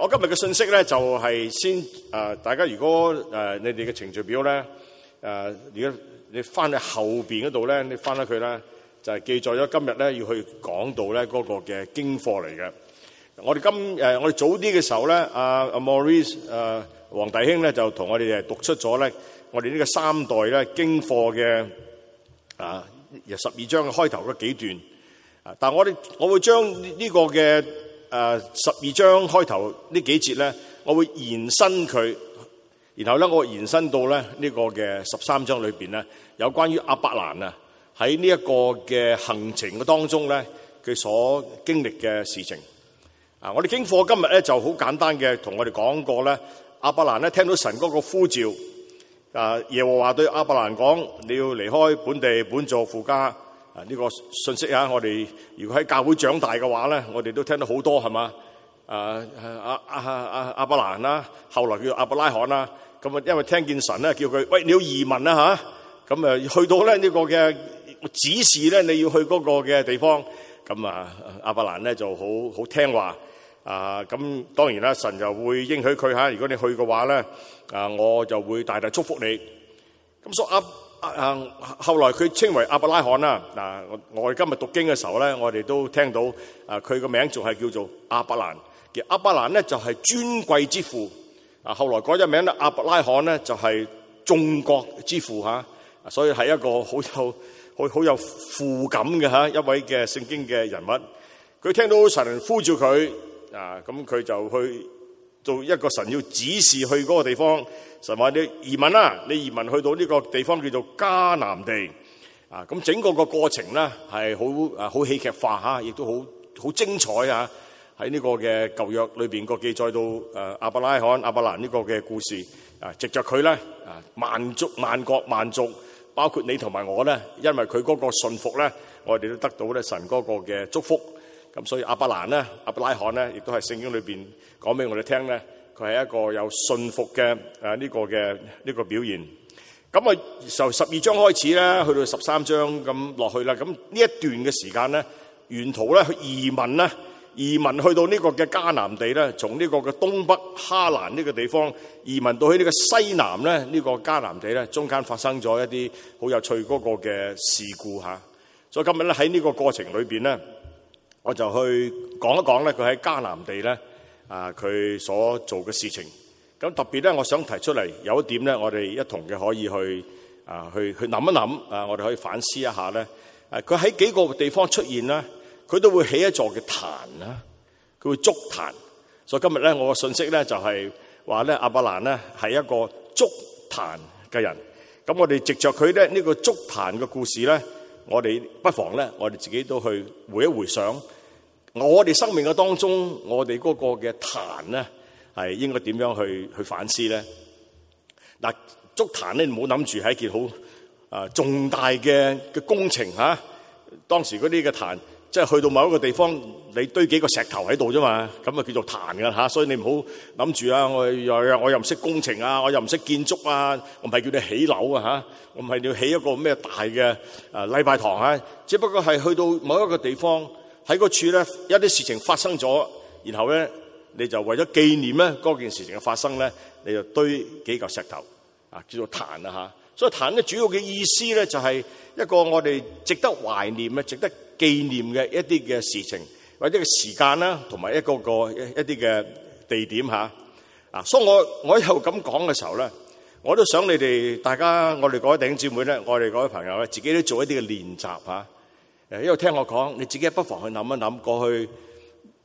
我今日嘅信息咧，就係先誒，大家如果誒、呃、你哋嘅程序表咧，誒，如果你翻去後邊嗰度咧，你翻翻佢咧，就係、是、記載咗今日咧要去講到咧嗰個嘅經課嚟嘅。我哋今誒、呃，我哋早啲嘅時候咧，阿阿 Maurice 誒，黃大興咧就同我哋誒讀出咗咧，我哋呢個三代咧經課嘅啊，由十二章開頭嘅幾段啊，但係我哋我會將呢個嘅。誒十二章開頭呢幾節咧，我會延伸佢，然後咧我延伸到咧呢、這個嘅十三章裏邊咧，有關於亞伯蘭啊喺呢一個嘅行程嘅當中咧，佢所經歷嘅事情。啊，我哋經課今日咧就好簡單嘅同我哋講過咧，亞、啊、伯蘭咧聽到神嗰個呼召，啊耶和華對亞伯蘭講，你要離開本地本族父家。」呢、這個信息啊，我哋如果喺教會長大嘅話咧，我哋都聽到好多係嘛？誒阿阿阿亞伯蘭啦，後來叫亞伯拉罕啦，咁啊因為聽見神咧叫佢，喂，你要移民啦嚇，咁啊去到咧、這、呢個嘅指示咧，你要去嗰個嘅地方，咁啊亞伯蘭咧就好好聽話，啊咁當然啦，神就會應許佢嚇，如果你去嘅話咧，啊我就會大大祝福你。咁所亞啊！後來佢稱為亞伯拉罕啦。嗱，我今日讀經嘅時候咧，我哋都聽到啊，佢個名仲係叫做亞伯蘭。嘅亞伯蘭咧就係尊貴之父。啊，後來改咗名啦，亞伯拉罕咧就係眾國之父吓。所以係一個好有、好、好有富感嘅吓一位嘅聖經嘅人物。佢聽到神呼召佢啊，咁佢就去。到一個神要指示去嗰個地方，神話你移民啦、啊，你移民去到呢個地方叫做迦南地啊！咁整個個過程咧係好誒好戲劇化嚇，亦、啊、都好好精彩啊。喺呢個嘅舊約裏邊個記載到誒亞、啊、伯拉罕、阿伯蘭呢個嘅故事啊，藉著佢咧啊萬族萬國萬族，包括你同埋我咧，因為佢嗰個信服咧，我哋都得到咧神嗰個嘅祝福。咁所以阿伯蘭咧、阿伯拉罕咧，亦都係聖經裏邊講俾我哋聽咧，佢係一個有信服嘅誒呢個嘅呢個表現。咁啊，由十二章開始啦，去到十三章咁落去啦。咁呢一段嘅時間咧，沿途咧去移民啦，移民去到呢個嘅迦南地咧，從呢個嘅東北哈蘭呢個地方移民到去呢個西南咧呢個迦南地咧，中間發生咗一啲好有趣嗰個嘅事故吓。所以今日咧喺呢個過程裏邊咧。我就去講一講咧，佢喺迦南地咧，啊佢所做嘅事情。咁特別咧，我想提出嚟有一點咧，我哋一同嘅可以去啊去去諗一諗啊，我哋可以反思一下咧。啊，佢喺幾個地方出現啦，佢都會起一座嘅壇啦，佢會築壇。所以今日咧，我嘅信息咧就係話咧，亞伯蘭咧係一個築壇嘅人。咁我哋藉著佢咧呢個築壇嘅故事咧，我哋不妨咧我哋自己都去回一回想。我哋生命嘅當中，我哋嗰個嘅壇咧，係應該點樣去去反思咧？嗱，築壇咧，唔好諗住係一件好啊重大嘅嘅工程吓。當時嗰啲嘅壇，即係去到某一個地方，你堆幾個石頭喺度啫嘛，咁啊叫做壇噶吓。所以你唔好諗住啊，我又又我又唔識工程啊，我又唔識建築啊，我唔係叫你起樓啊吓，我唔係要起一個咩大嘅啊禮拜堂啊，只不過係去到某一個地方。喺個處咧，一啲事情發生咗，然後咧，你就為咗紀念咧嗰件事情嘅發生咧，你就堆幾嚿石頭，啊，叫做壇啊吓。所以壇咧主要嘅意思咧，就係一個我哋值得懷念嘅、值得紀念嘅一啲嘅事情或者個時間啦，同埋一個個一啲嘅地點吓。啊，所以我我喺度咁講嘅時候咧，我都想你哋大家，我哋各位弟兄姊妹咧，我哋各位朋友咧，自己都做一啲嘅練習吓。誒，因為聽我講，你自己不妨去諗一諗過去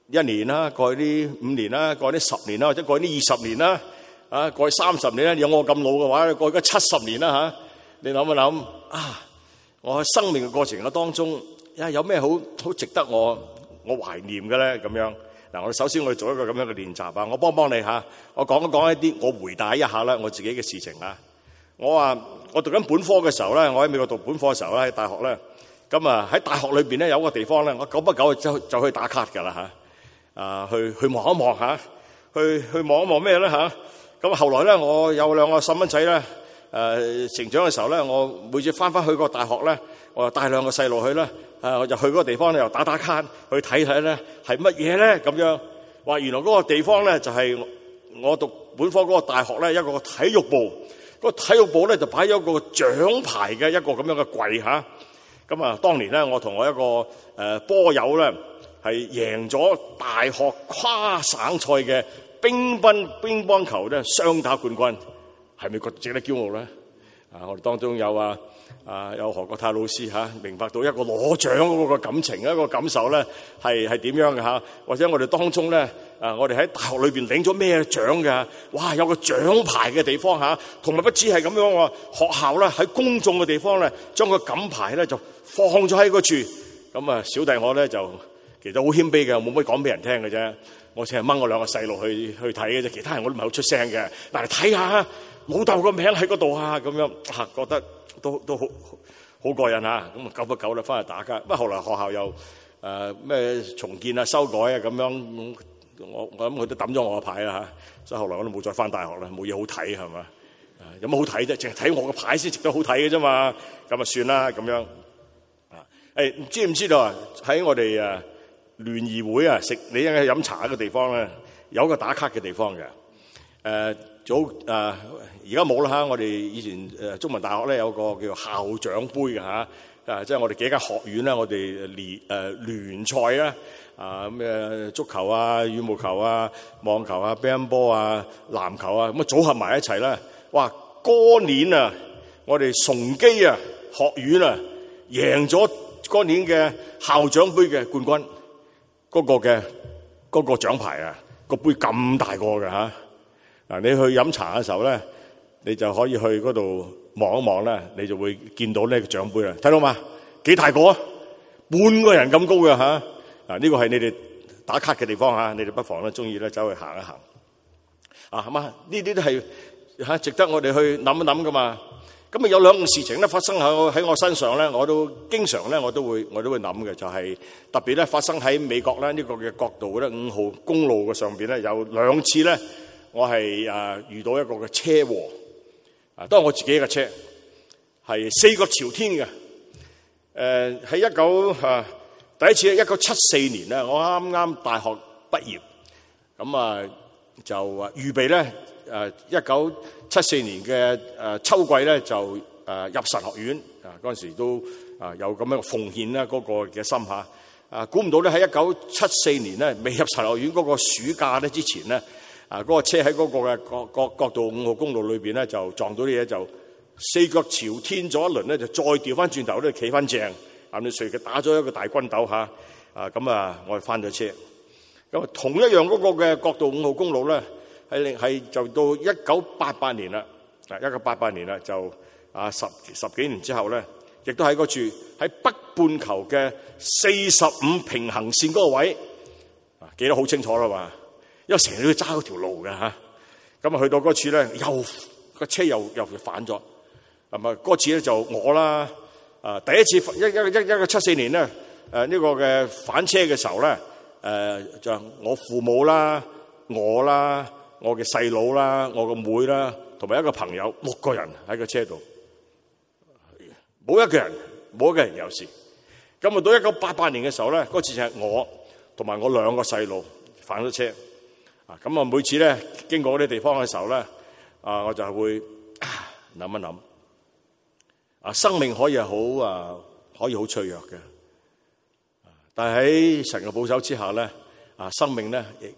一年啦，過去呢五年啦，過去呢十年啦，或者過去呢二十年啦，啊，過去三十年啦。有我咁老嘅話，過去七十年啦，你諗一諗啊，我喺生命嘅過程嘅當中有咩好好值得我我懷念嘅咧？咁樣嗱，我首先我做一個咁樣嘅練習啊，我幫幫你下，我講一講一啲我回答一下啦，我自己嘅事情啊。我話我讀緊本科嘅時候咧，我喺美國讀本科嘅時候咧，大學咧。咁啊喺大學裏邊咧有一個地方咧，我久不久就就去打卡噶啦吓，啊去去望一望吓，去去望一望咩咧吓？咁後來咧，我有兩個細蚊仔咧，誒成長嘅時候咧，我每次翻翻去個大學咧，我就帶兩個細路去啦，啊我就去嗰個地方咧又打打卡，去睇睇咧係乜嘢咧咁樣。話原來嗰個地方咧就係我讀本科嗰個大學咧一個體育部，個體育部咧就擺咗一個獎牌嘅一個咁樣嘅櫃吓。咁啊！當年咧，我同我一個誒、呃、波友咧，係贏咗大學跨省賽嘅乒乓乒乓球咧雙打冠軍，係咪覺得值得驕傲咧？啊！我哋當中有啊啊有何國泰老師吓、啊，明白到一個攞獎嗰個感情一、那個感受咧，係係點樣嘅吓？或者我哋當中咧啊，我哋喺、啊、大學裏邊領咗咩獎嘅？哇！有個獎牌嘅地方吓、啊，同埋不止係咁樣喎。學校咧喺公眾嘅地方咧，將個錦牌咧就。放空咗喺個處，咁啊小弟我咧就其實好謙卑嘅，冇乜講俾人聽嘅啫。我淨係掹我兩個細路去去睇嘅啫，其他人我都唔係好出聲嘅。但係睇下，老豆個名喺嗰度啊，咁樣吓，覺得都都好好過癮啊！咁啊，久不久啦，翻去打卡。不過後來學校又誒咩重建啊、修改啊咁樣，我我諗佢都抌咗我個牌啦吓。所以後來我都冇再翻大學啦，冇嘢好睇係嘛，有乜好睇啫？淨係睇我個牌先值得好睇嘅啫嘛，咁啊算啦咁樣。唔、哎、知唔知道啊？喺我哋誒聯誼會啊，食你該飲茶嘅地方咧，啊，有個打卡嘅地方嘅。誒、啊、早誒而家冇啦吓，我哋以前誒、啊、中文大學咧有個叫校長杯嘅吓啊，即係、啊就是、我哋幾間學院咧、啊，我哋聯誒聯賽啦。啊咩、啊啊啊、足球啊、羽毛球啊、網球啊、乒乓波啊、籃球啊，咁啊組合埋一齊啦。哇！嗰年啊，我哋崇基啊學院啊贏咗。嗰年嘅校長杯嘅冠軍，嗰個嘅嗰個獎牌啊，個杯咁大個嘅吓，嗱你去飲茶嘅時候咧，你就可以去嗰度望一望咧，你就會見到呢個獎杯啦，睇到嘛？幾大個啊？半個人咁高嘅吓，嗱呢個係你哋打卡嘅地方吓，你哋不妨咧，中意咧走去行一行，啊好嘛？呢啲都係吓值得我哋去諗一諗噶嘛。咁啊，有兩件事情咧發生喺喺我身上咧，我都經常咧，我都會我都會諗嘅，就係特別咧發生喺美國咧呢個嘅國道咧五號公路嘅上邊咧有兩次咧，我係誒遇到一個嘅車禍啊，都係我自己嘅車，係四腳朝天嘅。誒喺一九嚇第一次一九七四年咧，我啱啱大學畢業，咁啊就預備咧。誒一九七四年嘅誒、uh, 秋季咧，就誒、uh, 入神學院、uh, 啊！嗰陣時都啊有咁樣奉獻啦，嗰個嘅心嚇啊！Uh, 估唔到咧，喺一九七四年咧未入神學院嗰個暑假咧之前咧，啊、uh, 嗰個車喺嗰、嗰個嘅國國國道五號公路裏邊咧就撞到啲嘢，就四腳朝天咗一輪咧，就再調翻轉頭咧企翻正，阿隨住佢打咗一個大軍斗。嚇啊！咁啊，我哋翻咗車咁啊，同一樣嗰個嘅國道五號公路咧。係係就到一九八八年啦，一九八八年啦，就啊十十幾年之後咧，亦都喺嗰處喺北半球嘅四十五平行線嗰個位，記得好清楚啦嘛，因為成日都要揸嗰條路嘅吓。咁啊去到嗰次咧，又個車又又反咗，咁啊嗰次咧就我啦，啊第一次一一一一個七四年咧，誒呢個嘅反車嘅時候咧，誒就我父母啦，我啦。我嘅細佬啦，我個妹啦，同埋一個朋友，六個人喺個車度，冇一個人，冇一個人有事。咁啊，到一九八八年嘅時候咧，嗰次就係我同埋我兩個細路翻咗車啊。咁啊，每次咧經過嗰啲地方嘅時候咧啊，我就會諗一諗啊，生命可以好啊，可以好脆弱嘅。但係喺神嘅保守之下咧啊，生命咧亦～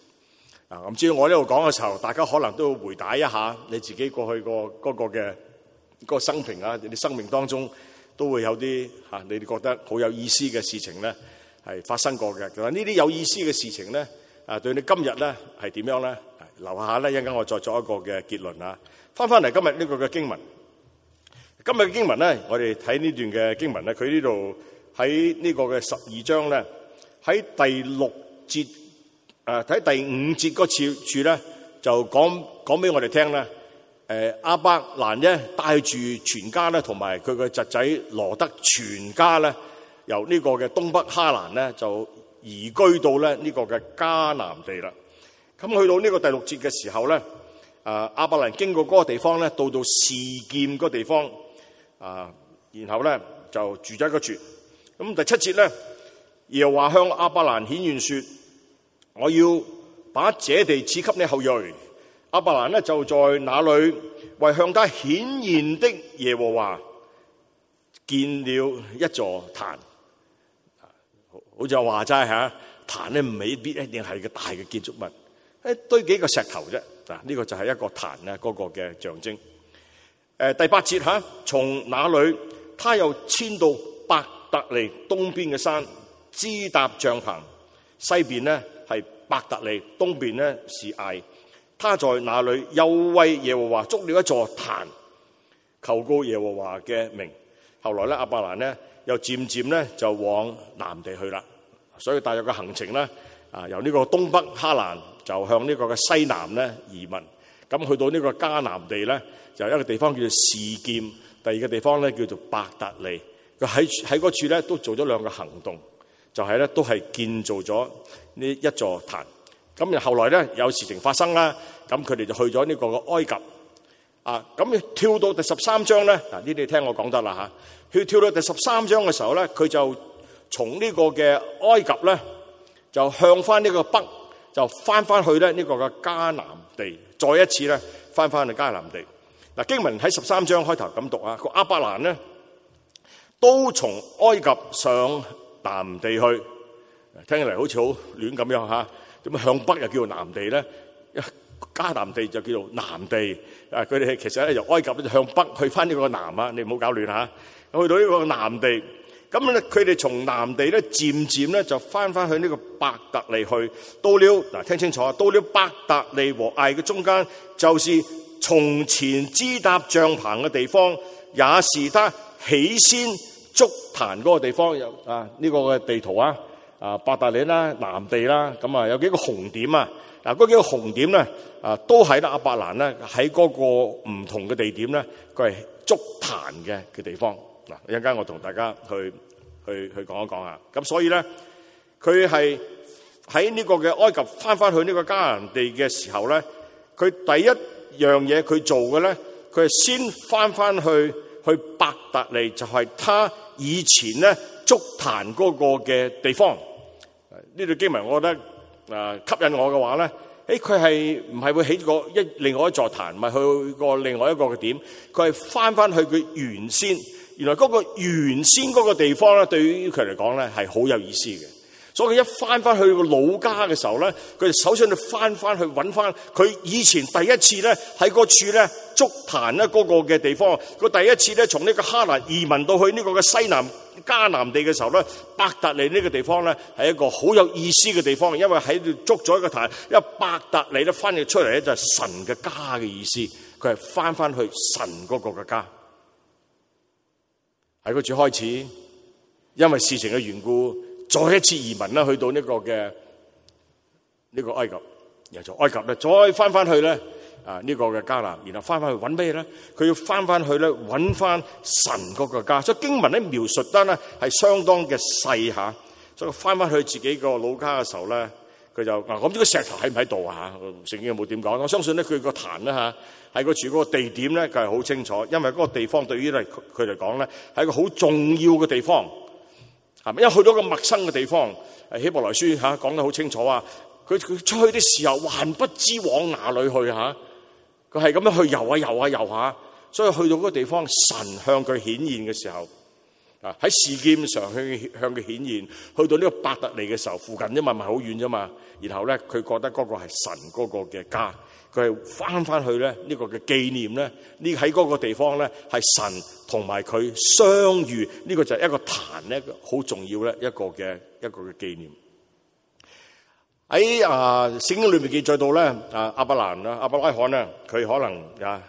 啊！至於我呢度講嘅時候，大家可能都要回答一下你自己過去個嗰個嘅個生平啊，你哋生命當中都會有啲你哋覺得好有意思嘅事情咧，係發生過嘅。呢啲有意思嘅事情咧，啊，對你今日咧係點樣咧？留下咧，一陣間我再作一個嘅結論啊！翻翻嚟今日呢個嘅經文，今日嘅經文咧，我哋睇呢段嘅經文咧，佢呢度喺呢個嘅十二章咧，喺第六節。誒睇第五節嗰處咧，就講講俾我哋聽咧。阿伯蘭咧帶住全家咧，同埋佢嘅侄仔羅德全家咧，由呢個嘅東北哈蘭咧就移居到咧呢個嘅迦南地啦。咁去到呢個第六節嘅時候咧，阿伯蘭經過嗰個地方咧，到到示劍個地方啊，然後咧就住咗一個住。咁第七節咧又話向阿伯蘭顯現説。我要把這地賜給你後裔。阿伯蘭呢就在那裏為向他顯現的耶和華建了一座壇。好就好就話齋嚇，壇未必一定係個大嘅建築物，堆幾個石頭啫。嗱，呢個就係一個壇啦，嗰個嘅象徵。第八節嚇，從那裏他又遷到伯特利東邊嘅山，支搭帳棚，西邊呢？伯特利東邊呢，是艾，他在那裡又為耶和華築了一座壇，求告耶和華嘅名。後來咧，阿伯蘭咧又漸漸咧就往南地去啦。所以大約嘅行程咧，啊由呢個東北哈蘭就向呢個嘅西南咧移民。咁去到呢個迦南地咧，就有一個地方叫做示劍，第二個地方咧叫做伯特利。佢喺喺嗰處咧都做咗兩個行動，就係、是、咧都係建造咗。呢一座壇，咁然後來咧有事情發生啦，咁佢哋就去咗呢個嘅埃及啊，咁跳到第十三章咧，嗱呢啲聽我講得啦嚇，佢跳到第十三章嘅時候咧，佢就從呢個嘅埃及咧就向翻呢個北，就翻翻去咧呢個嘅迦南地，再一次咧翻翻去迦南地。嗱經文喺十三章開頭咁讀啊，個亞伯蘭咧都從埃及上南地去。聽起嚟好似好亂咁樣吓，咁向北又叫做南地咧？加南地就叫做南地。啊，佢哋其實咧由埃及向北去翻呢個南啊，你唔好搞亂吓，去到呢個南地，咁咧佢哋從南地咧漸漸咧就翻翻去呢個伯特利去。到了嗱，聽清楚啊！到了伯特利和艾嘅中間，就是從前支搭帳棚嘅地方，也是他起先築壇嗰個地方。有啊，呢個嘅地圖啊。啊，伯特利啦，南地啦，咁啊有幾個紅點啊？嗱，嗰幾個紅點咧，啊都喺得阿伯蘭咧喺嗰個唔同嘅地點咧，佢係築壇嘅嘅地方。嗱，一陣間我同大家去去去講一講啊。咁所以咧，佢係喺呢個嘅埃及翻翻去呢個迦南地嘅時候咧，佢第一樣嘢佢做嘅咧，佢係先翻翻去去伯特利，就係、是、他以前咧築壇嗰個嘅地方。呢段經文，我覺得啊吸引我嘅話咧，誒，佢係唔係會起過一另外一座壇，唔係去過另外一個嘅點？佢係翻翻去佢原先，原來嗰個原先嗰個地方咧，對於佢嚟講咧係好有意思嘅。所以佢一翻翻去個老家嘅時候咧，佢就首先就翻翻去揾翻佢以前第一次咧喺嗰處咧築壇咧嗰個嘅地方，佢第一次咧從呢個哈蘭移民到去呢個嘅西南迦南地嘅時候咧，伯特利呢個地方咧係一個好有意思嘅地方，因為喺度築咗一個壇，因為伯特利咧翻譯出嚟咧就係、神嘅家嘅意思，佢係翻翻去神嗰個嘅家，喺嗰處開始，因為事情嘅緣故，再一次移民啦去到呢個嘅呢、呢個埃及，然後就埃及咧再翻翻去咧。啊！呢個嘅迦南啦，然後翻翻去揾咩咧？佢要翻翻去咧，揾翻神嗰個家。所以經文咧描述得咧係相當嘅細嚇。所以翻翻去自己個老家嘅時候咧，佢就嗱，我唔知個石頭喺唔喺度啊，成聖經有冇點講，我相信咧佢個壇咧嚇，係個住嗰個地點咧，佢係好清楚，因為嗰個地方對於佢佢嚟講咧係一個好重要嘅地方，係咪？因為去到一個陌生嘅地方，希伯來書嚇講得好清楚啊！佢佢出去的時候還不知往哪裡去嚇。佢係咁樣去遊下、啊、遊下、啊、遊下、啊，所以去到嗰個地方，神向佢顯現嘅時候，啊喺事件上向向佢顯現，去到呢個伯特利嘅時候，附近唔係好遠咋嘛？然後咧，佢覺得嗰個係神嗰個嘅家，佢係翻翻去咧呢、這個嘅紀念咧，呢喺嗰個地方咧係神同埋佢相遇，呢、這個就係一個壇咧好重要咧一個嘅一個嘅紀念。喺啊《聖經》裏面記載到咧，啊阿伯蘭阿伯拉罕咧，佢可能啊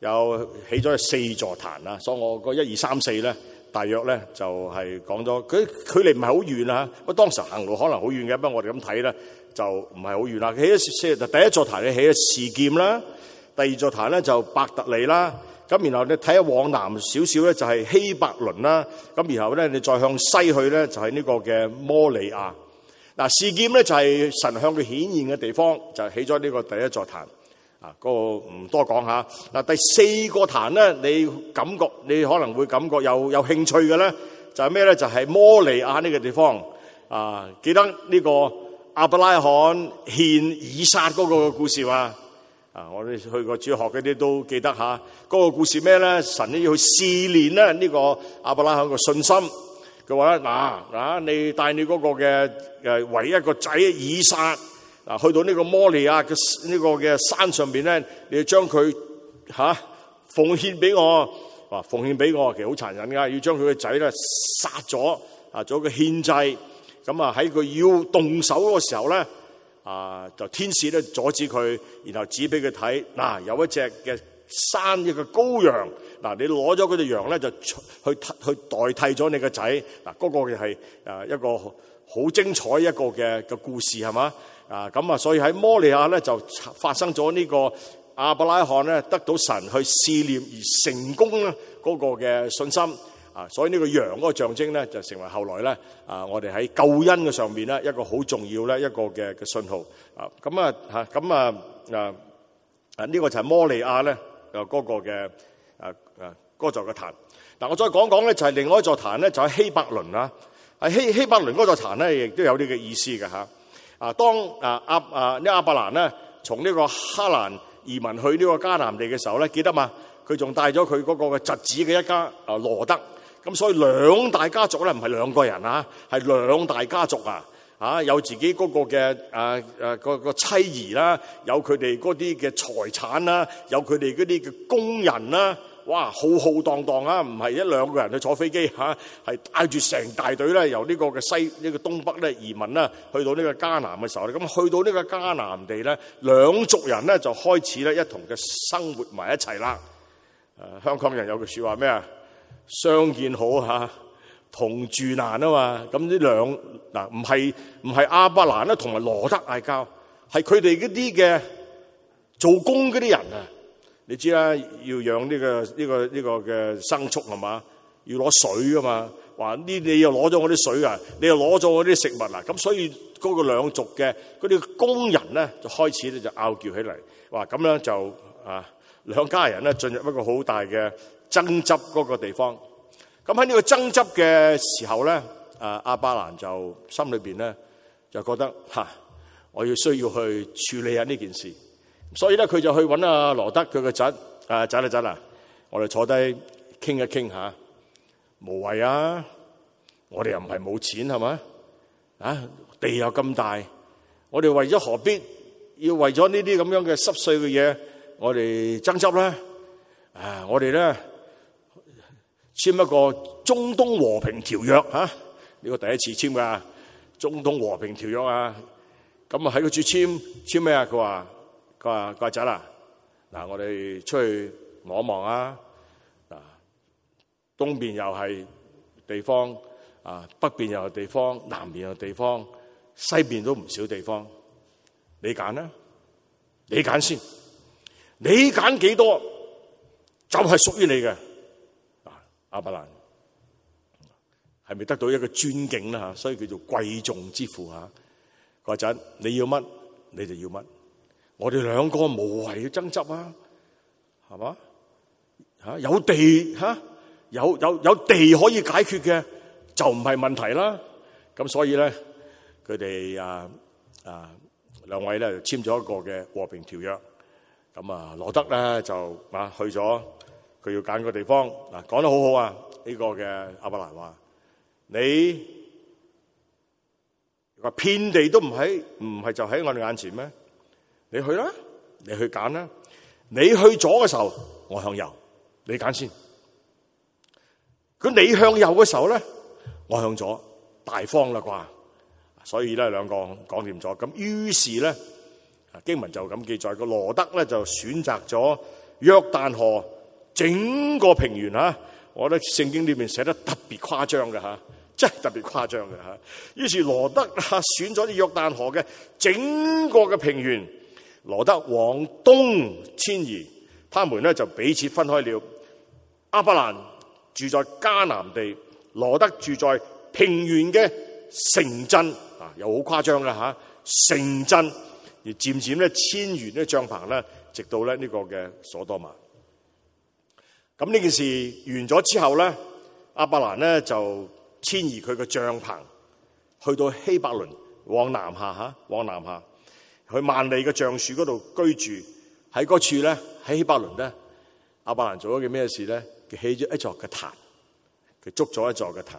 有起咗四座壇啦，所以我個一二三四咧，大約咧就係講咗佢距離唔係好遠啊。不過當時行路可能好遠嘅，不過我哋咁睇咧就唔係好遠啦。起咗四，第一座壇你起咗示劍啦，第二座壇咧就伯特利啦，咁然後你睇下往南少少咧就係希伯倫啦，咁然後咧你再向西去咧就係呢個嘅摩利亞。嗱，事件咧就係神向佢顯現嘅地方，就起咗呢個第一座壇。啊、那個，嗰個唔多講嚇。嗱，第四個壇咧，你感覺你可能會感覺有有興趣嘅咧，就係咩咧？就係、是、摩利亞呢個地方。啊，記得呢個亞伯拉罕獻以撒嗰個故事嘛？啊，我哋去過主學嗰啲都記得嚇。嗰、那個故事咩咧？神咧要去試煉咧呢個亞伯拉罕嘅信心。話咧嗱嗱，你帶你嗰個嘅誒，唯一個仔以撒啊，去到呢個摩利亞嘅呢個嘅山上邊咧，你要將佢吓奉獻俾我，話、啊、奉獻俾我，其實好殘忍噶，要將佢嘅仔咧殺咗啊，做一個獻祭。咁啊喺佢要動手嗰個時候咧啊，就天使咧阻止佢，然後指俾佢睇，嗱、啊、有一隻嘅。山嘅羔羊，嗱你攞咗嗰隻羊咧，就去去代替咗你個仔，嗱，嗰個嘅係誒一個好精彩一個嘅嘅故事係嘛？啊咁，啊，所以喺摩利亞咧就發生咗呢個亞伯拉罕咧得到神去試驗而成功咧嗰個嘅信心，啊所以呢個羊嗰個象徵咧就成為後來咧啊我哋喺救恩嘅上面咧一個好重要咧一個嘅嘅信號啊咁，啊吓咁，啊嗱啊呢個就係摩利亞咧。又嗰個嘅誒誒嗰座嘅壇，嗱我再講講咧，就係另外一座壇咧，就喺希伯倫啦。喺希希伯倫嗰座壇咧，亦都有呢個意思嘅嚇。啊，當啊亞啊呢亞伯蘭咧，從呢個哈蘭移民去呢個迦南地嘅時候咧，記得嘛？佢仲帶咗佢嗰個嘅侄子嘅一家啊羅得。咁所以兩大家族咧，唔係兩個人啊，係兩大家族啊。啊，有自己嗰個嘅啊啊個個妻兒啦，有佢哋嗰啲嘅財產啦，有佢哋嗰啲嘅工人啦，哇浩浩蕩蕩啊，唔係一兩個人去坐飛機嚇，係帶住成大隊咧，由呢個嘅西呢個東北咧移民啦，去到呢個迦南嘅時候咧，咁去到呢個迦南地咧，兩族人咧就開始咧一同嘅生活埋一齊啦。啊，香港人有句説話咩啊？相見好嚇。同住難啊嘛，咁呢兩嗱唔係唔係亞伯蘭啦、啊，同埋羅得嗌交，係佢哋嗰啲嘅做工嗰啲人啊，你知啦、啊，要養呢、呢個呢、呢個呢、呢個嘅牲畜係嘛，要攞水啊嘛，話呢你又攞咗我啲水啊，你又攞咗我啲食物啊，咁所以嗰個兩族嘅嗰啲工人咧，就開始咧就拗撬起嚟，話咁樣就啊兩家人咧進入一個好大嘅爭執嗰個地方。咁喺呢個爭執嘅時候咧，阿阿巴蘭就心裏邊咧就覺得嚇，我要需要去處理下呢件事，所以咧佢就去揾阿羅德佢嘅侄，啊仔啦仔啦，我哋坐低傾一傾下，無謂啊，我哋又唔係冇錢係咪？啊地又咁大，我哋為咗何必要為咗呢啲咁樣嘅濕碎嘅嘢，我哋爭執咧？啊，我哋咧。簽一個中東和平條約吓，呢個第一次簽噶中東和平條約啊！咁啊喺嗰處簽簽咩啊？佢話佢話個侄啊，嗱我哋出去望一望啊！啊東邊又係地方啊，北邊又係地方，南邊又係地方，西邊都唔少地方，你揀啦，你揀先，你揀幾多就係屬於你嘅。亞伯蘭係咪得到一個尊敬啦吓，所以叫做貴重之父吓。嗰陣你要乜，你就要乜。我哋兩個無謂要爭執啊，係嘛吓？有地吓，有有有地可以解決嘅，就唔係問題啦。咁所以咧，佢哋啊啊兩位咧就簽咗一個嘅和平條約。咁啊，羅德咧就啊去咗。佢要揀個地方嗱，講得好好啊。呢個嘅亞伯蘭話：你話遍地都唔喺，唔係就喺我哋眼前咩？你去啦，你去揀啦。你去左嘅時候，我向右，你揀先。咁你向右嘅時候咧，我向左，大方啦啩。所以咧，兩個講掂咗咁，於是咧經文就咁記載個羅德咧就選擇咗約旦河。整個平原啊，我覺得聖經裏面寫得特別誇張嘅吓，真係特別誇張嘅吓。於是羅得啊選咗約旦河嘅整個嘅平原，羅得往東遷移，他們咧就彼此分開了。亞伯蘭住在迦南地，羅得住在平原嘅城鎮啊，又好誇張噶吓，城鎮而漸漸咧遷移咧帳篷咧，直到咧呢個嘅所多瑪。咁呢件事完咗之後咧，亞伯蘭咧就遷移佢嘅帳篷去到希伯倫往，往南下吓，往南下去幔利嘅橡樹嗰度居住。喺嗰處咧，喺希伯倫咧，亞伯蘭做咗件咩事咧？佢起咗一座嘅壇，佢築咗一座嘅壇。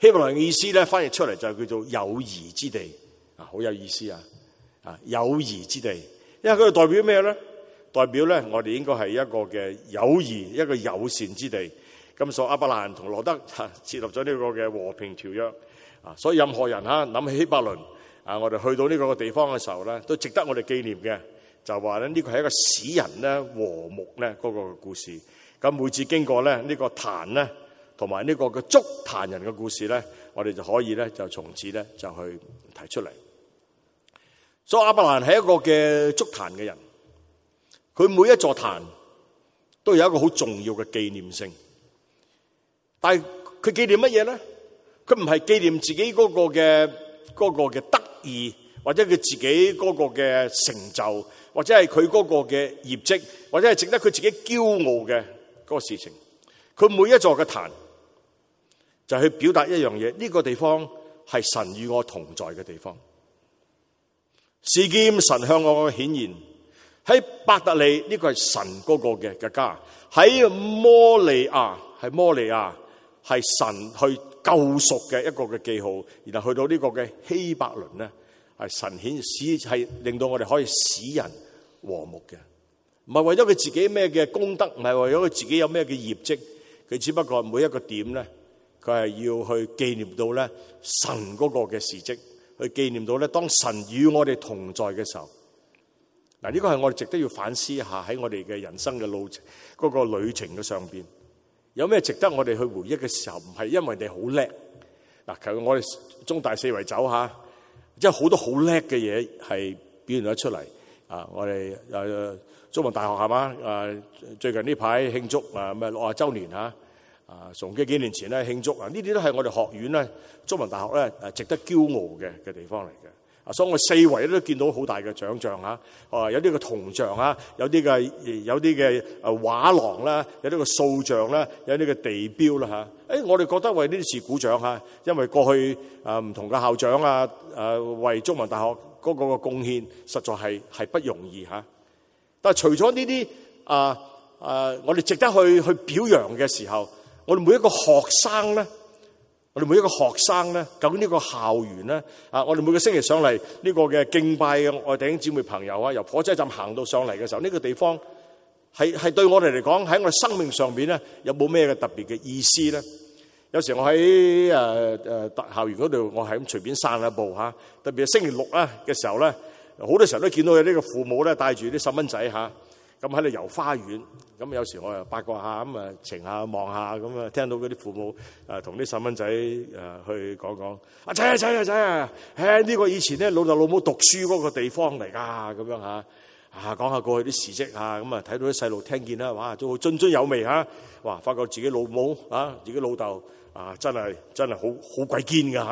希伯倫嘅意思咧，翻譯出嚟就係叫做友誼之地，啊，好有意思啊！啊，友誼之地，因為佢代表咩咧？代表咧，我哋應該係一個嘅友誼，一個友善之地。咁所以阿伯蘭同羅德設立咗呢個嘅和平條約啊，所以任何人吓諗起希伯倫啊，我哋去到呢個地方嘅時候咧，都值得我哋紀念嘅。就話咧，呢個係一個使人咧和睦咧嗰個故事。咁每次經過咧呢個壇咧，同埋呢個嘅築壇人嘅故事咧，我哋就可以咧就從此咧就去提出嚟。所以阿伯蘭係一個嘅築壇嘅人。佢每一座壇都有一個好重要嘅紀念性，但係佢紀念乜嘢咧？佢唔係紀念自己嗰個嘅、嗰個嘅得意，或者佢自己嗰個嘅成就，或者係佢嗰個嘅業績，或者係值得佢自己驕傲嘅個事情。佢每一座嘅壇就去表達一樣嘢：呢個地方係神與我同在嘅地方。事件神向我顯現。喺伯特利呢個係神嗰個嘅嘅家，喺摩利亞係摩利亞係神去救贖嘅一個嘅記號，然後去到呢個嘅希伯倫咧係神顯使係令到我哋可以使人和睦嘅，唔係為咗佢自己咩嘅功德，唔係為咗佢自己有咩嘅業績，佢只不過每一個點咧，佢係要去紀念到咧神嗰個嘅事跡，去紀念到咧當神與我哋同在嘅時候。嗱，呢個係我哋值得要反思下喺我哋嘅人生嘅路程嗰個旅程嘅上邊，有咩值得我哋去回憶嘅時候？唔係因為你好叻。嗱，其實我哋中大四圍走嚇，即係好多好叻嘅嘢係表現咗出嚟啊！我哋誒中文大學係嘛誒最近呢排慶祝啊咩六啊週年嚇啊，崇基幾年前咧慶祝啊，呢啲都係我哋學院咧中文大學咧誒值得驕傲嘅嘅地方嚟嘅。啊！所以我四圍都見到好大嘅獎像啊！有啲嘅銅像啊，有啲嘅有啲嘅誒畫廊啦，有啲嘅塑像啦，有啲嘅地標啦嚇！誒，我哋覺得為呢啲事鼓掌嚇，因為過去啊唔同嘅校長啊誒為中文大學嗰個嘅貢獻，實在係係不容易嚇。但係除咗呢啲啊啊，我哋值得去去表揚嘅時候，我哋每一個學生咧。我哋每一個學生咧，究竟呢個校園咧啊，我哋每個星期上嚟呢個嘅敬拜嘅弟兄姊妹朋友啊，由火車站行到上嚟嘅時候，呢個地方係係對我哋嚟講喺我哋生命上邊咧，有冇咩嘅特別嘅意思咧？有時我喺誒誒校園嗰度，我係咁隨便散下步吓。特別係星期六啊嘅時候咧，好多時候都見到有呢個父母咧帶住啲細蚊仔吓。咁喺度遊花園，咁有時我又八卦下，咁啊情下望下，咁啊聽到嗰啲父母啊同啲細蚊仔啊去講講，啊仔啊仔啊仔啊，誒呢、啊哎呢個以前咧老豆老母讀書嗰個地方嚟㗎，咁樣嚇，啊，啊講下過去啲事蹟啊，咁啊睇到啲細路聽見咧，哇，都好津津有味嚇、啊，哇，發覺自己老母啊，自己老豆。啊！真係真係好好鬼堅嘅嚇，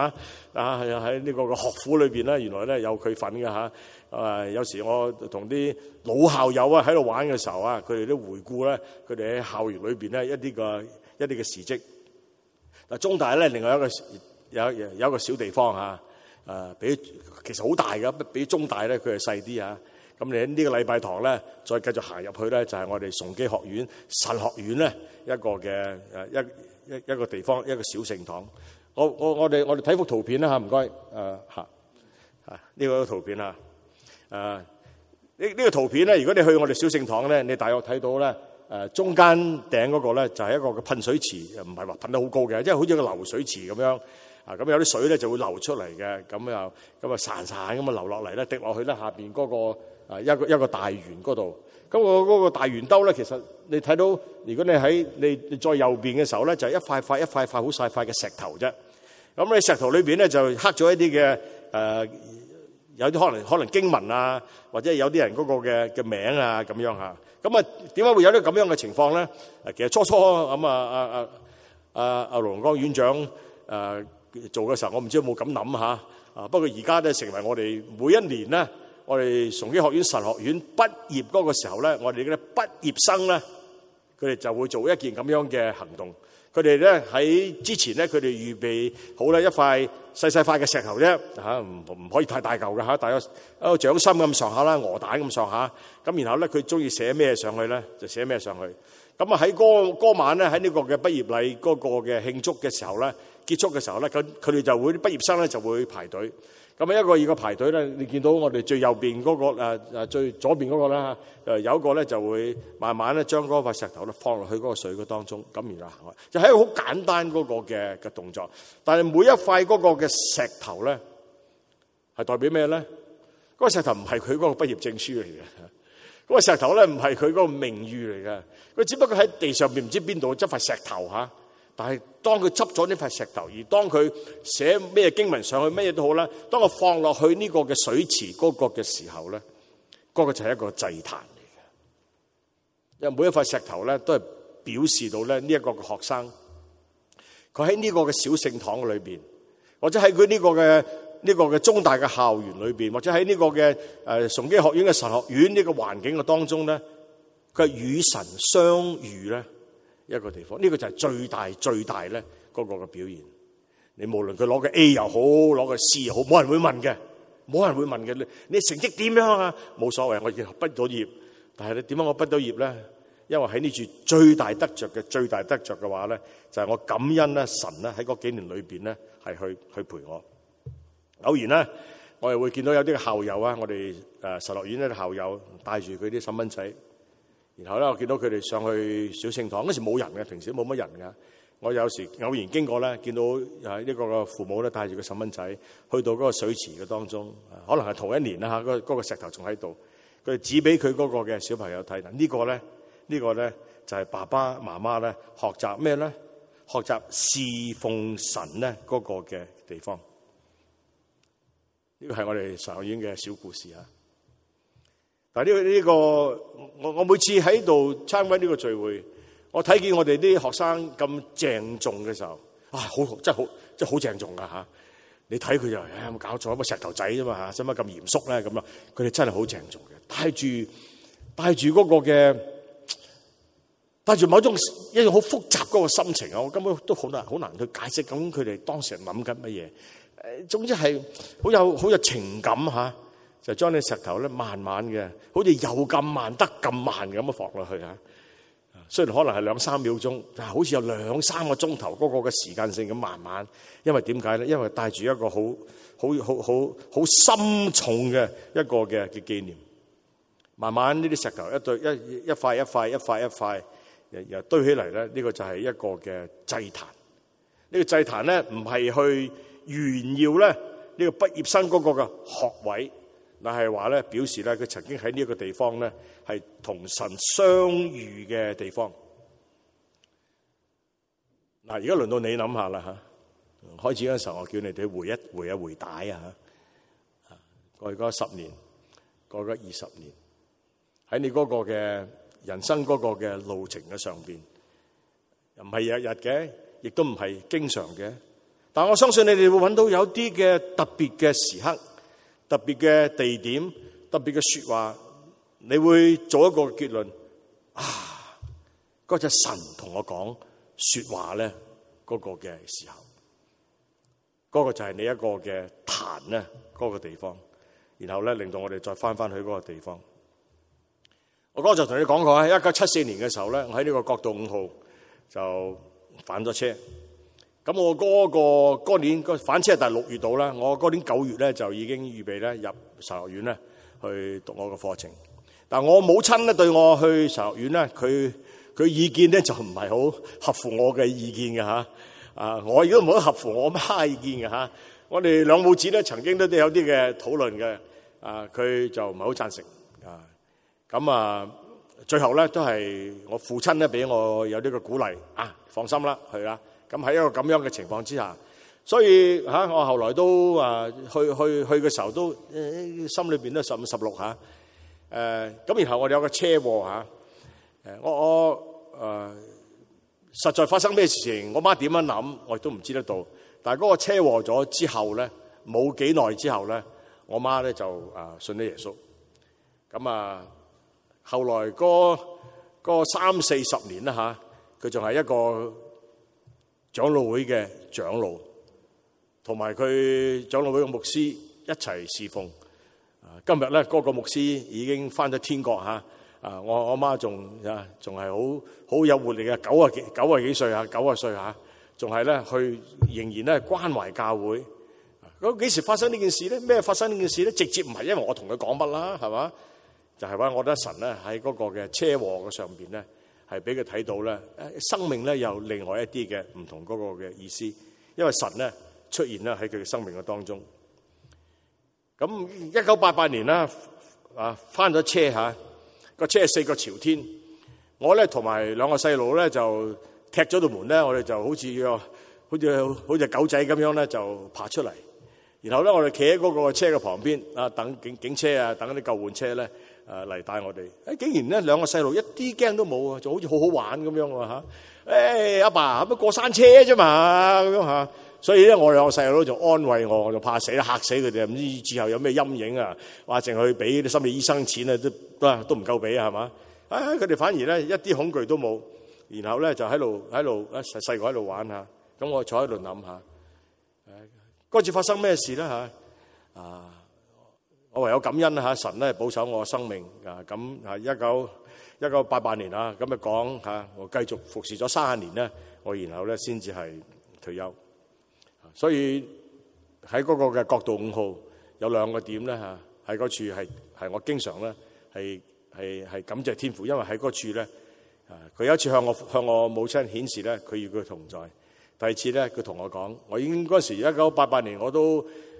啊喺喺呢個個學府裏邊咧，原來咧有佢份嘅嚇。誒、啊，有時我同啲老校友啊喺度玩嘅時候啊，佢哋都回顧咧，佢哋喺校園裏邊咧一啲個一啲嘅事蹟。嗱，中大咧另外一個有有一個小地方嚇，誒、啊，比其實好大嘅，比中大咧佢係細啲啊。咁你呢個禮拜堂咧，再繼續行入去咧，就係、是、我哋崇基學院神學院咧一個嘅誒一。一一個地方一個小聖堂，我我我哋我哋睇幅圖片啦嚇，唔該誒嚇，啊呢個圖片啊誒呢呢個圖片咧，如果你去我哋小聖堂咧，你大約睇到咧誒中間頂嗰個咧就係一個噴水池，唔係話噴得好高嘅，即係好似個流水池咁樣啊，咁有啲水咧就會流出嚟嘅，咁又咁啊潺潺咁啊流落嚟咧，滴落去咧下邊嗰個誒一個一個大圓嗰度。咁我嗰個大圓兜咧，其實你睇到，如果你喺你你再右邊嘅時候咧，就係一塊塊一塊塊好細塊嘅石頭啫。咁你石頭裏邊咧就刻咗一啲嘅誒，有啲可能可能經文啊，或者有啲人嗰個嘅嘅名啊咁樣嚇。咁啊，點解會有啲咁樣嘅情況咧？其實初初咁啊啊啊啊阿龍江院長誒做嘅時候，我唔知有冇咁諗嚇。啊不過而家咧成為我哋每一年咧。我哋崇基學院神學院畢業嗰個時候咧，我哋嗰啲畢業生咧，佢哋就會做一件咁樣嘅行動。佢哋咧喺之前咧，佢哋預備好咧一塊細細塊嘅石頭啫嚇，唔唔可以太大嚿嘅嚇，大約一個掌心咁上下啦，鵝蛋咁上下。咁然後咧，佢鍾意寫咩上去咧，就寫咩上去。咁啊喺嗰晚咧喺呢個嘅畢業禮嗰個嘅慶祝嘅時候咧，結束嘅時候咧，佢佢哋就會畢業生咧就會排隊。咁啊，一個二個排隊咧，你見到我哋最右邊嗰個啊啊最左邊嗰個啦嚇，誒有個咧就會慢慢咧將嗰塊石頭咧放落去嗰個水嘅當中，咁然後行開，就係一個好簡單嗰個嘅嘅動作。但係每一塊嗰個嘅石頭咧，係代表咩咧？嗰個石頭唔係佢嗰個畢業證書嚟嘅，嗰個石頭咧唔係佢嗰個名譽嚟嘅，佢只不過喺地上面唔知邊度執塊石頭嚇。但係當佢執咗呢塊石頭，而當佢寫咩經文上去，咩嘢都好啦。當佢放落去呢個嘅水池嗰個嘅時候咧，嗰個就係一個祭壇嚟嘅。因為每一塊石頭咧，都係表示到咧呢一個嘅學生，佢喺呢個嘅小聖堂裏邊，或者喺佢呢個嘅呢個嘅中大嘅校園裏邊，或者喺呢個嘅誒崇基學院嘅神學院呢個環境嘅當中咧，佢係與神相遇咧。一個地方，呢個就係最大最大咧，嗰個嘅表現。你無論佢攞個 A 又好，攞個 C 又好，冇人會問嘅，冇人會問嘅。你成績點樣啊？冇所謂，我已經畢到業。但係你點解我畢到業咧？因為喺呢處最大得着嘅、最大得着嘅話咧，就係我感恩咧，神咧喺嗰幾年裏邊咧係去去陪我。偶然咧，我又會見到有啲校友啊，我哋誒實樂園啲校友帶住佢啲細蚊仔。然後咧，我見到佢哋上去小聖堂，嗰時冇人嘅，平時都冇乜人嘅。我有時偶然經過咧，見到誒呢個個父母咧帶住個細蚊仔去到嗰個水池嘅當中，可能係頭一年啦吓，嗰、那、嗰個石頭仲喺度。佢哋指俾佢嗰個嘅小朋友睇，嗱、這個、呢、這個咧，呢個咧就係、是、爸爸媽媽咧學習咩咧？學習侍奉神咧嗰個嘅地方。呢個係我哋上學院嘅小故事啊！嗱呢呢個、這個、我我每次喺度參加呢個聚會，我睇見我哋啲學生咁鄭重嘅時候，啊好真好真好鄭重噶嚇，你睇佢就誒有冇、哎、搞錯，乜石頭仔啫嘛嚇，使乜咁嚴肅咧咁啊？佢哋真係好鄭重嘅，帶住帶住嗰個嘅帶住某種一種好複雜嗰個心情啊！我根本都好難好難去解釋，咁佢哋當時諗緊乜嘢？誒，總之係好有好有情感嚇。就將啲石頭咧，慢慢嘅，好似有咁慢、得咁慢咁啊，放落去啊！雖然可能係兩三秒鐘，但係好似有兩三個鐘頭嗰個嘅時間性咁慢慢。因為點解咧？因為帶住一個好好好好好深重嘅一個嘅嘅紀念。慢慢呢啲石頭一對一、一塊一塊、一塊一塊，又堆起嚟咧。呢個就係一個嘅祭壇。呢個祭壇咧，唔係去炫耀咧呢個畢業生嗰個嘅學位。但係話咧，表示咧，佢曾經喺呢一個地方咧，係同神相遇嘅地方。嗱，而家輪到你諗下啦吓。開始嗰陣時候，我叫你哋回一回一回憶啊吓。過咗十年，過咗二十年，喺你嗰個嘅人生嗰個嘅路程嘅上邊，又唔係日日嘅，亦都唔係經常嘅。但我相信你哋會揾到有啲嘅特別嘅時刻。特別嘅地點，特別嘅說話，你會做一個結論啊！嗰隻神同我講說話咧，嗰個嘅時候，嗰個就係你一個嘅壇咧，嗰個地方，然後咧令到我哋再翻翻去嗰個地方。我剛才同你講過喺一九七四年嘅時候咧，我喺呢個角度五號就反咗車。咁我嗰個嗰年，反正係第六月度啦。我嗰年九月咧就已經預備咧入神學院咧去讀我嘅課程。但我母親咧對我去神學院咧，佢佢意見咧就唔係好合乎我嘅意見嘅嚇。啊，我亦都唔好合乎我媽意見嘅嚇。我哋兩母子咧曾經都有啲嘅討論嘅。啊，佢就唔係好贊成。啊，咁啊，最後咧都係我父親咧俾我有啲嘅鼓勵。啊，放心啦，去啦。咁喺一個咁樣嘅情況之下，所以嚇我後來都啊去去去嘅時候都心裏邊都十五十六嚇。誒、啊、咁，然後我哋有個車禍嚇。誒、啊、我我誒、啊、實在發生咩事情，我媽點樣諗，我亦都唔知得到。但係嗰個車禍咗之後咧，冇幾耐之後咧，我媽咧就啊信咗耶穌。咁啊，後來嗰三四十年啦嚇，佢仲係一個。長老會嘅長老，同埋佢長老會嘅牧師一齊侍奉。啊，今日咧嗰個牧師已經返咗天國吓。啊，我我媽仲啊仲係好好有活力嘅，九啊幾九啊幾歲啊，九十歲啊歲吓，仲係咧去仍然咧關懷教會。嗰、啊、幾時發生呢件事咧？咩發生呢件事咧？直接唔係因為我同佢講乜啦，係嘛？就係、是、話我覺得神咧喺嗰個嘅車禍嘅上邊咧。係俾佢睇到咧，生命咧有另外一啲嘅唔同嗰個嘅意思，因為神咧出現咧喺佢嘅生命嘅當中。咁一九八八年啦，啊翻咗車吓，個車係四個朝天，我咧同埋兩個細路咧就踢咗道門咧，我哋就好似個，好似好似狗仔咁樣咧就爬出嚟，然後咧我哋企喺嗰個車嘅旁邊啊，等警警車啊，等啲救援車咧。啊！嚟帶我哋，誒，竟然咧兩個細路一啲驚都冇啊，就好似好好玩咁樣喎吓！誒，阿爸，乜過山車啫嘛，咁樣吓。所以咧，我兩個細路就安慰我，我就怕死啦，吓死佢哋啊，唔知之後有咩陰影啊，話淨係俾啲心理醫生錢啊，都都都唔夠俾啊，係嘛？啊，佢哋反而咧一啲恐懼都冇，然後咧就喺度喺度啊細個喺度玩下，咁我坐喺度諗下，嗰次發生咩事咧吓？啊！我唯有感恩啦，吓，神咧保守我嘅生命，啊咁啊一九一九八八年啦，咁就講吓我繼續服侍咗卅年咧，我然後咧先至係退休。所以喺嗰個嘅角度五號有兩個點咧吓，喺嗰處係係我經常咧係係係感謝天父，因為喺嗰處咧啊佢有一次向我向我母親顯示咧佢與佢同在，第二次咧佢同我講，我已經嗰時一九八八年我都。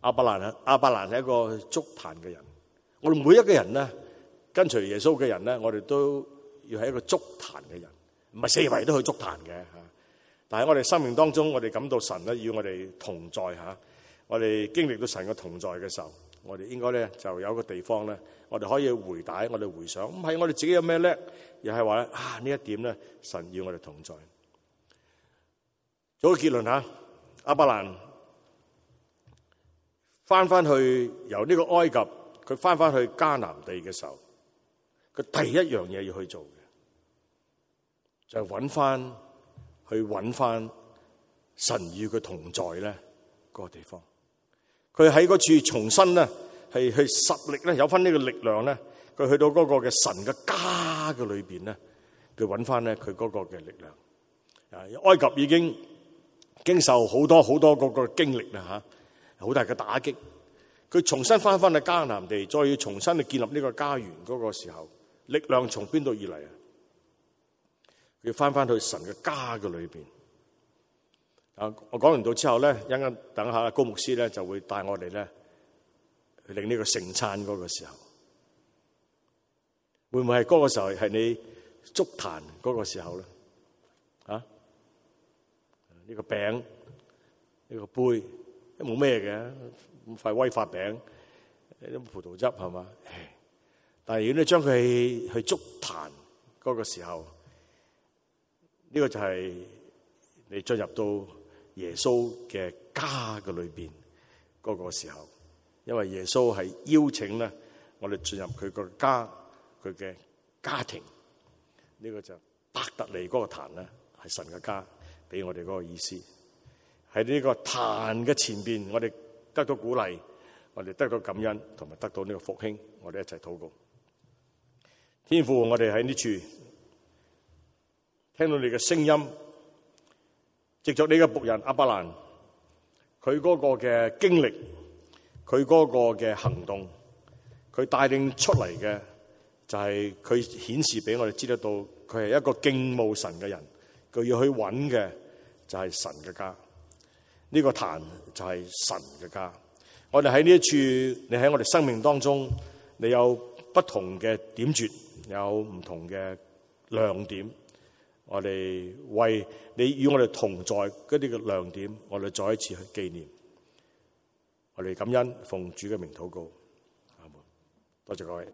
阿伯蘭啊，阿伯蘭係一個築壇嘅人。我哋每一個人咧，跟隨耶穌嘅人咧，我哋都要係一個築壇嘅人，唔係四圍都去築壇嘅，吓。但係我哋生命當中，我哋感到神咧與我哋同在吓。我哋經歷到神嘅同在嘅時候，我哋應該咧就有個地方咧，我哋可以回帶，我哋回想。唔係我哋自己有咩叻，又係話咧啊呢一點咧，神與我哋同在。做個結論吓，阿伯蘭。翻翻去由呢個埃及，佢翻翻去迦南地嘅時候，佢第一樣嘢，要去做嘅，就係揾翻，去揾翻神與佢同在咧嗰個地方。佢喺嗰處重新咧，係去實力咧，有翻呢個力量咧。佢去到嗰個嘅神嘅家嘅裏邊咧，佢揾翻咧佢嗰個嘅力量。啊，埃及已經經受好多好多嗰個經歷啦，吓。好大嘅打擊，佢重新翻翻去迦南地，再要重新去建立呢個家園嗰個時候，力量從邊度而嚟啊？佢要翻翻去神嘅家嘅裏邊啊！我講完到之後咧，一陣間等下高牧師咧就會帶我哋咧去領呢個聖餐嗰個時候，會唔會係嗰個時候係你築壇嗰個時候咧？啊，呢個餅，呢個杯。冇咩嘅，五快威化餅，啲葡萄汁係嘛？但係如果你將佢去築壇嗰個時候，呢、這個就係你進入到耶穌嘅家嘅裏邊嗰個時候，因為耶穌係邀請咧，我哋進入佢個家，佢嘅家庭。呢、這個就伯特利嗰個壇咧，係神嘅家，俾我哋嗰個意思。喺呢個壇嘅前邊，我哋得到鼓勵，我哋得到感恩，同埋得到呢個復興，我哋一齊禱告。天父，我哋喺呢處聽到你嘅聲音，藉著你嘅僕人亞伯蘭，佢嗰個嘅經歷，佢嗰個嘅行動，佢帶領出嚟嘅就係佢顯示俾我哋知得到，佢係一個敬慕神嘅人。佢要去揾嘅就係神嘅家。呢、這個壇就係神嘅家，我哋喺呢一處，你喺我哋生命當中，你有不同嘅點綴，有唔同嘅亮點。我哋為你與我哋同在嗰啲嘅亮點，我哋再一次去紀念。我哋感恩奉主嘅名禱告，阿門。多謝各位。